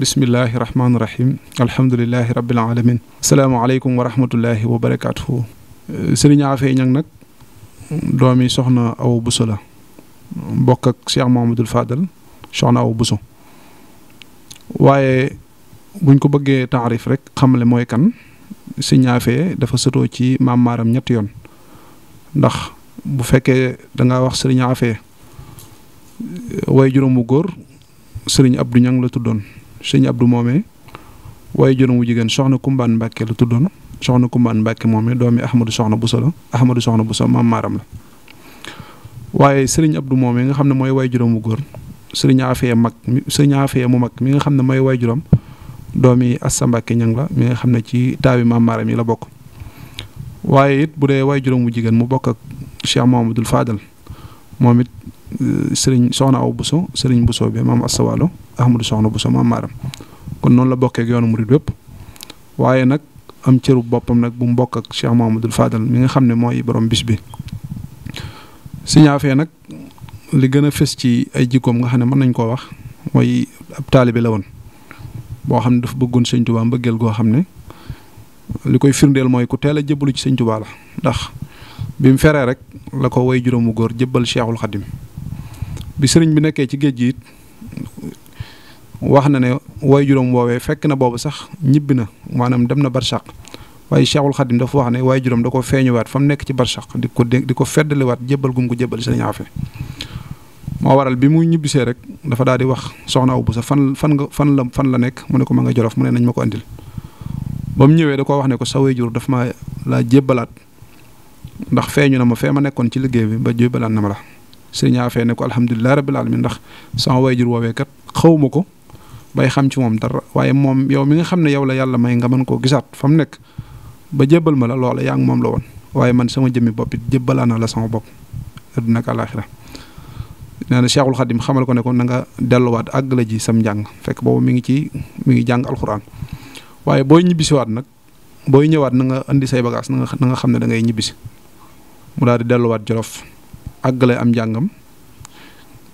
bismillahi rahmaani rahim alhamdulilahi rabbil alamin asalaamaaleykum wa rahmatullahi wa barakaatuhu sëriñ Afee ñang nag doomi soxna aw buso la mbokk ak Cheikh Mahamadul soxna aw buso waaye buñ ko bëggee taarif rek xamle mooy kan sëriñ Afee dafa soto ci maam maaram ñetti yoon ndax bu fekkee danga wax sëriñ Afee way juróom wu góor sëriñ Abdou Ñang la tuddoon sëñ abdu moomee waaye juróom wu jigéen soxna Kumbaan Mbàkke la tuddoon soxna Kumbaan Mbàkke moomee doomi Ahmadou soxna Bousso la Ahmadou soxna Bousso maam maaram la sëriñ Abdou moomee nga xam ne mooy way juróom góor sëriñ Afee mag sëriñ mu mag mi nga xam ne mooy way juróom doomi Assa Mbàkke ñang la mi nga xam ne ci taawi maam maaram yi la bokk waaye it bu dee way juróom wu jigéen mu bokk ak Cheikh Mahamadul Fadal moom it euh, sëriñ soxna aw Bousso sëriñ Bousso bi maam Assawalo Ahmadou Soxna bu sama maaram kon noonu la bokkee ak yoonu murid wépp waaye nag am cëru boppam nag bu mu bokk ak Cheikh Mouhamadoul Fadal mi xam ne mooy borom bis bi. Sëñ nag li gën a fës ci ay jikkoom nga xam ne mën nañ koo wax mooy ab taalibe la boo xam ne dafa bëggoon Sëñ Tuubaa goo xam ne li koy firndeel mooy ku teel a jëbbalu ci Sëñ ndax bi feree rek la ko way juróomu góor jëbbal Cheikhul sëriñ bi nekkee ci géej gi it wax na ne way juróom woowee fekk na boobu sax ñibbi na maanaam dem na barsàq waaye Cheikhul Xadim dafa wax ne waaye juróom da ko feeñuwaat fa nekk ci barsàq di ko di ko feddaliwaat jébbal gum ko jébbal sëriñ Afe moo waral bi mu ñibbisee rek dafa daal di wax soxna Awa Boussa fan fan nga fan la fan la nekk mu ne ko ma nga jolof mu ne nañ ma ko andil ba mu ñëwee da koo wax ne ko sa way jur dafa ma laa jébbalaat ndax feeñu na ma fee ma nekkoon ci liggéey bi ba jébbalaat na ma la sëriñ Afe ne ko alhamdulilah rabbil alamin ndax sama way jur woowee kat xaw ma ko bay xam ci moom dara waaye moom yow mi nga xam ne yow la yàlla may nga mën koo gisaat fa mu nekk ba jébbal ma la loola yaa ngi moom la woon waaye man sama jëmmi boppit it na la sama bopp adduna ak àlaaxira nee na Cheikhul xamal ko ne ko na nga delluwaat àgg la ji sam njàng fekk boobu mi ngi ci mi ngi jàng alxuraan waaye booy ñibbisiwaat nag booy ñëwaat na nga indi say bagages na nga na nga xam ne da ngay ñibbisi mu daal di delluwaat jolof àggale am njàngam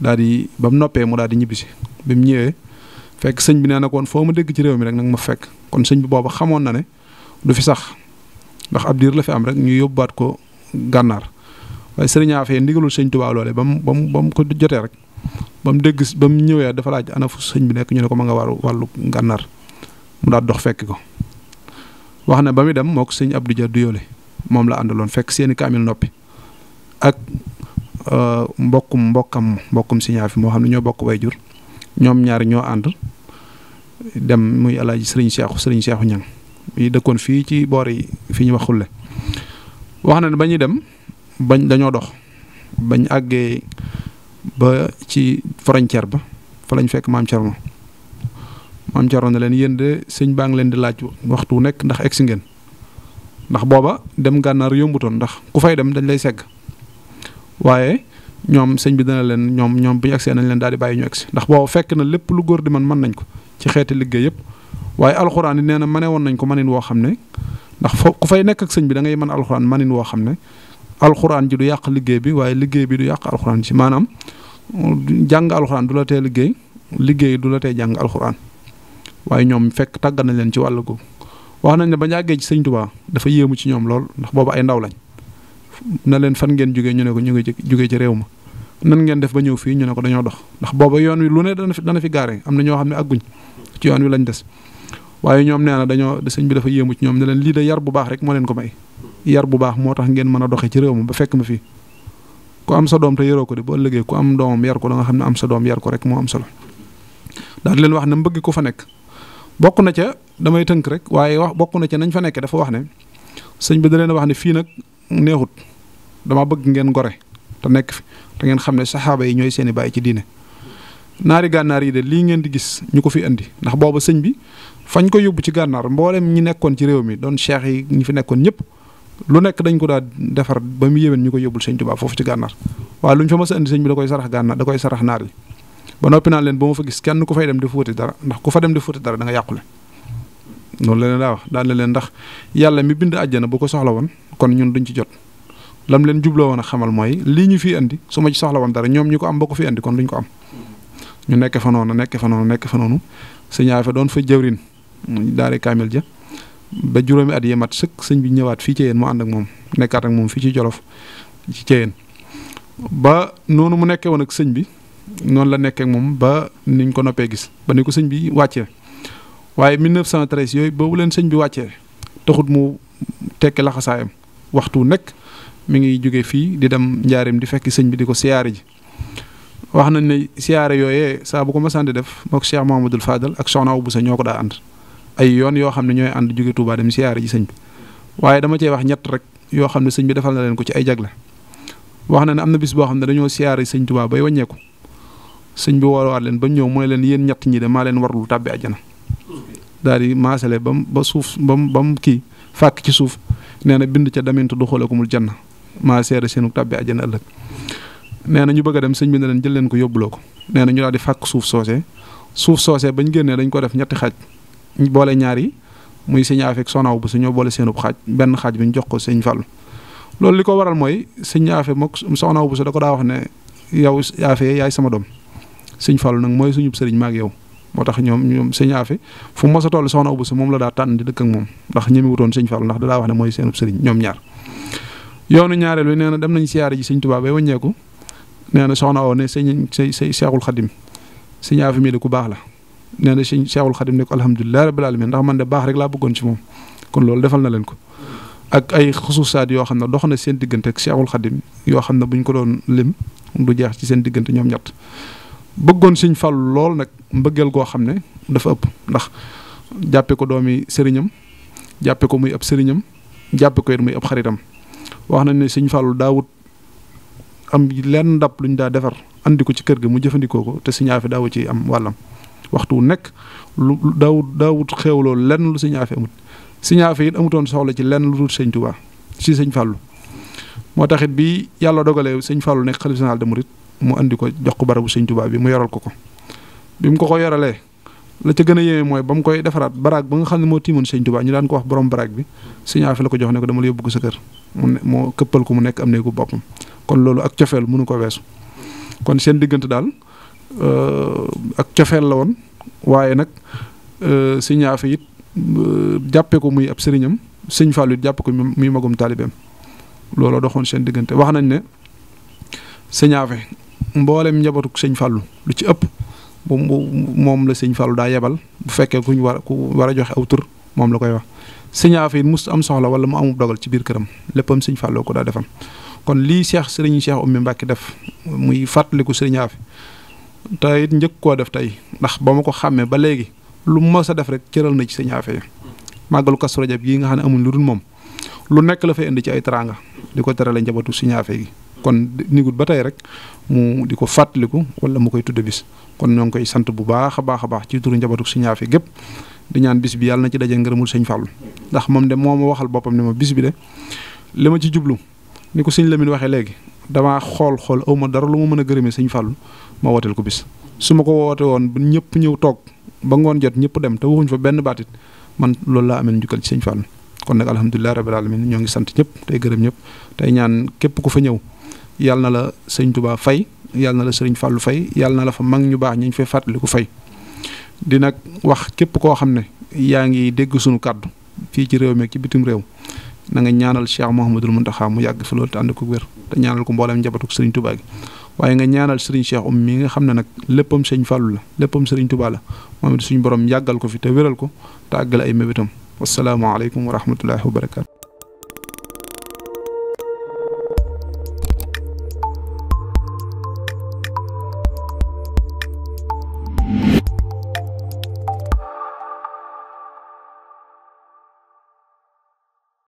daal di ba noppee mu daal di ñibbisi bi fekk sëñ bi nee na koon foo ma dégg ci réew mi rek nag ma fekk kon sëñ bi booba xamoon na ne du fi sax ndax ab diir la fi am rek ñu yóbbuwaat ko gànnaar waaye sëriñ Afee ndigalul sëñ Tuubaa ba mu ba mu ba mu ko jotee rek ba mu dégg ba mu ñëwee dafa laaj ana fu sëñ bi nekk ñu ne ko ma nga waru wàllu gànnaar mu daal dox fekk ko wax ne ba muy dem moo ko sëñ Abdou Dia Duyole moom la àndaloon fekk seeni kaamil noppi ak euh, mbokkum mbokkam mbokkum sëñ Afee moo xam ne ñoo bokk way jur ñoom ñaar ñoo ànd dem muy alaaji sëriñ seexu sëriñ seexu ñang yi dëkkoon fii ci boor yi fi ñu wax xulle wax na ne ba ñuy dem bañ dañoo dox bañ àggee ba ci frontière ba fa lañ fekk maam Cerno maam Cerno ne leen yéen de sëñ baa ngi leen di laaj waxtu nekk ndax egsi ngeen ndax booba dem gànnaar yombutoon ndax ku fay dem dañ lay segg waaye ñoom sëñ bi dana leen ñoom ñoom bu ñu nañ leen daal di bàyyi ñu agsi ndax boobu fekk na lépp lu góor di man mën nañ ko ci xeeti liggéey yëpp waaye alxuraan yi nee na mane woon nañ ko manin woo xam ne ndax fo fay nekk ak sëñ bi da ngay mën alxuraan manin woo xam ne alxuraan ji du yàq liggéey bi waaye liggéey bi du yàq alxuraan ji maanaam jàng alxuraan du la tee liggéey liggéey du la tee jàng alxuraan waaye ñoom fekk tàggat nañ leen ci wàll googu wax nañ ne ba ñàggee ci sëñ Tuubaa dafa yéemu ci ñoom lool ndax boobu ay ndaw lañ na leen fan ngeen jógee ñu ne ko ñu ngi jógee ci réew ma nan ngeen def ba ñëw fii ñu ne ko dañoo dox ndax booba yoon wi lu ne dana fi dana fi gaare am na ñoo xam ne àgguñ ci yoon wi lañ des waaye ñoom nee na dañoo sëñ bi dafa yéemu ci ñoom ne leen lii de yar bu baax rek moo leen bu baax moo tax ngeen mën a doxee ci réew ma ba fekk ma fii ku am sa doom te yoroo ko de ëllëgee ku am doomam yar ko da nga xam ne am sa doom yar rek moo solo daal leen wax ne mbëgg ko fa nekk bokk na ca damay tënk rek waaye wax bokk na ca nañ fa nekkee dafa wax ne sëñ bi da leen wax ne fii nag neexut dama bëgg ngeen gore te nekk fi te ngeen xam ne saxaaba yi ñooy seen i bàyyi ci diine naari gànnaar yi de lii ngeen di gis ñu ko fi indi ndax booba sëñ bi fañ ko yóbbu ci gànnaar mboolem ñi nekkoon ci réew mi doon cheikh yi ñi fi nekkoon ñëpp lu nekk dañ ko daa defar ba mu yéwén ñu ko yóbbul sëñ Tuubaa foofu ci gànnaar waaye luñ ñu fa mas a indi sëñ bi da koy sarax gànnaar da koy sarax naar yi ba noppi naan leen ba ma fa gis kenn ku fey dem di fuuti dara ndax ku fa dem di fuuti dara da nga yàqule loolu la leen daa wax daan leen ndax yàlla mi bind àjjana bu ko soxla woon kon ñun duñ ci jot lam leen jubloo woon a xamal mooy lii ñu fii andi su ma ci soxla woon dara ñoom ñu ko am ba ko fi andi kon duñ ko am. ñu nekk fa noonu nekk fa noonu nekk fa noonu fa doon fa jëwrin daare kaamil ja ba juróomi at yi mat sëñ bi ñëwaat fii ci yéen mu ànd ak moom nekkaat ak moom fii ci jolof ci ba noonu mu nekkee woon ak sëñ bi noonu la nekkeek moom ba nuñ ko noppee gis ba ni ko sëñ bi wàccee waaye 1913 yooyu boobu leen sëñ bi wàccee taxut mu tekki laxasaayam waxtu nekk. mi ngi jóge fii di dem njaarim di fekk sëñ bi di ko siyaare ji wax nañ ne siyaare yooyee saabu ko ma sànni def mook Cheikh Mahamadul Fadal ak Soxna Awa sa ñoo ko daa ànd ay yoon yoo xam ne ñooy ànd jóge Touba dem siyaare ji sëñ bi waaye dama cee wax ñett rek yoo xam ne sëñ bi defal na leen ko ci ay jagle wax na ne am na bis boo xam ne dañoo siyaare sëñ Touba bay waññeeku sëñ bi woowaat leen ba ñëw mooy leen yéen ñett ñi de maa leen warlu tàbbi àjjana daal di maasale ba mu ba suuf ba mu ba mu kii fàkk ci suuf nee na bind ca damintu du xoole mul janna maa seere seenu tàbbi àjjana ëllëg nee na ñu bëgg a dem sëñ bi na leen jël leen ko yóbbuloo ko nee na ñu daal di fàkk suuf soosee suuf soose bañ génnee dañ ko def ñetti xaaj boole ñaar yi muy sëñ Afek sonaw bu suñoo boole seenub xaaj benn xaaj bi ñu jox ko sëñ Fall loolu li ko waral mooy sëñ Afek moom sonaw bu su da ko daa wax ne yow Afek yaay sama doom sëñ Fall nag mooy suñu sëriñ maag yow moo tax ñoom ñoom sëñ Afek fu mu mos a toll sonaw bu su moom la daa tànn di dëkk ak moom ndax ñi mu wutoon sëñ Fall ndax da daa wax ne mooy seenub sëriñ ñoom ñaar yoonu ñaareel wi nee na dem nañ siyaare ji sëñ Tuubaa bay wàññeeku nee na soxna woo ne sëñ say say seexul xadim sëñ Aafi mi ku baax la nee na sëñ seexul xadim ne ko alhamdulilah rabbil alamin ndax man de baax laa bëggoon ci moom kon loolu defal na leen ko ak ay xususaat yoo xam ne dox na seen diggante ak seexul xadim yoo xam ne buñ ko doon lim du jeex ci seen diggante ñoom ñett bëggoon sëñ fal lool nag mbëggeel goo xam ne dafa ëpp ndax jàppe ko doomi sëriñam jàppe ko muy ab sëriñam jàppe ko it muy ab xaritam wax nañ ne sëñ Fallou daawut am lenn ndab luñ daa defar andi ko ci kër gi mu jëfandikoo ko te sëñ Afe daawu ci am wàllam waxtu wu nekk lu daawut daawut xewloo lenn lu sëñ Afe amut sëñ Afe it amutoon soxla ci lenn lu dul sëñ Touba si sëñ Fallou moo taxit bii yàlla dogalee sëñ Fallou nekk xalif général de Mouride mu andi ko jox ko barabu sëñ Touba bi mu yoral ko ko bi mu ko ko yoralee la ca gën a yéeme mooy ba mu koy defaraat baraag ba nga xam ne moo tiimoon sëñ Tuubaa ñu daan ko wax borom baraag bi sëñ la ko jox ne ko dama la yóbbu ko sa kër mu ne moo këppal ko mu nekk am néegu boppam kon loolu ak cofeel munu ko weesu kon seen diggante daal euh, ak cofeel la woon waaye nag euh, sëñ Aafi it euh, jàppee ko muy ab sëriñam sëñ Fallou it jàppe ko muy magum taalibeem looloo doxoon seen diggante wax nañ ne sëñ Aafi mboolem njabootu sëñ Fallou lu ci ëpp bu moom la sëñ Fallou daa yebal bu fekkee ku ñu war ku war a joxe aw tur moom la koy wax sëñ Afia it mus am soxla wala mu amub dogal ci biir këram léppam sëñ Fallou ko daa defam kon lii Cheikh sëriñ Cheikh Oumy Mbacke def muy fàttaliku sëriñ Afia te it njëkk koo def tey ndax ba ma ko xàmmee ba léegi lu mos a def rek cëral na ci sëñ Afia màggalu Kazu Rajab gi nga xam ne amuñ lu dul moom lu nekk la fay indi ci ay teraanga di ko terale njabootu sëñ gi kon nigul ba tey rek mu di ko fàttaliku wala mu koy tudde bis kon ñoo ngi koy sant bu baax a baax a baax ci turu njabootu Sëñ Aafiya gépp di ñaan bis bi yàlla na ci daje ngërëmul sëñ Fallou ndax moom de moo ma waxal boppam ne ma bis bi de li ma ci jublu ni ko sëñ Lamine waxee léegi damaa xool xool aw ma dara lu ma mën a gërëmee sëñ Fallou ma wooteel ko bis su ma ko woote woon ba ñëpp ñëw toog ba ngoon jot ñëpp dem te waxuñ fa benn baatit man loolu laa amee njukkal ci sëñ Fallou kon nag alhamdulilah rabbil alamin ñoo ngi sant ñëpp tey gërëm ñëpp tey ñaan képp ku fa ñëw yal na la sëñ tubaa fay yal na la sëriñ Fallou fay yal na la fa mag ñu baax ñi ñu fay fàttaliku fay di wax képp koo xam ne yaa ngi dégg sunu kàddu fii ci réew mi ci bitim réew na nga ñaanal Cheikh Mouhamadul Mountakha mu yàgg fi loolu te ànd ko wér te ñaanal ko mboolem njabootu sëriñ Touba gi waaye nga ñaanal sëriñ Cheikh Oumy mi nga xam ne nag léppam sëñ Fallou la léppam sëriñ tubaa la moom it suñu borom yàggal ko fi te wéral ko te àggal ay mébétam wasalaamaaleykum wa rahmatullahi wa barakaatu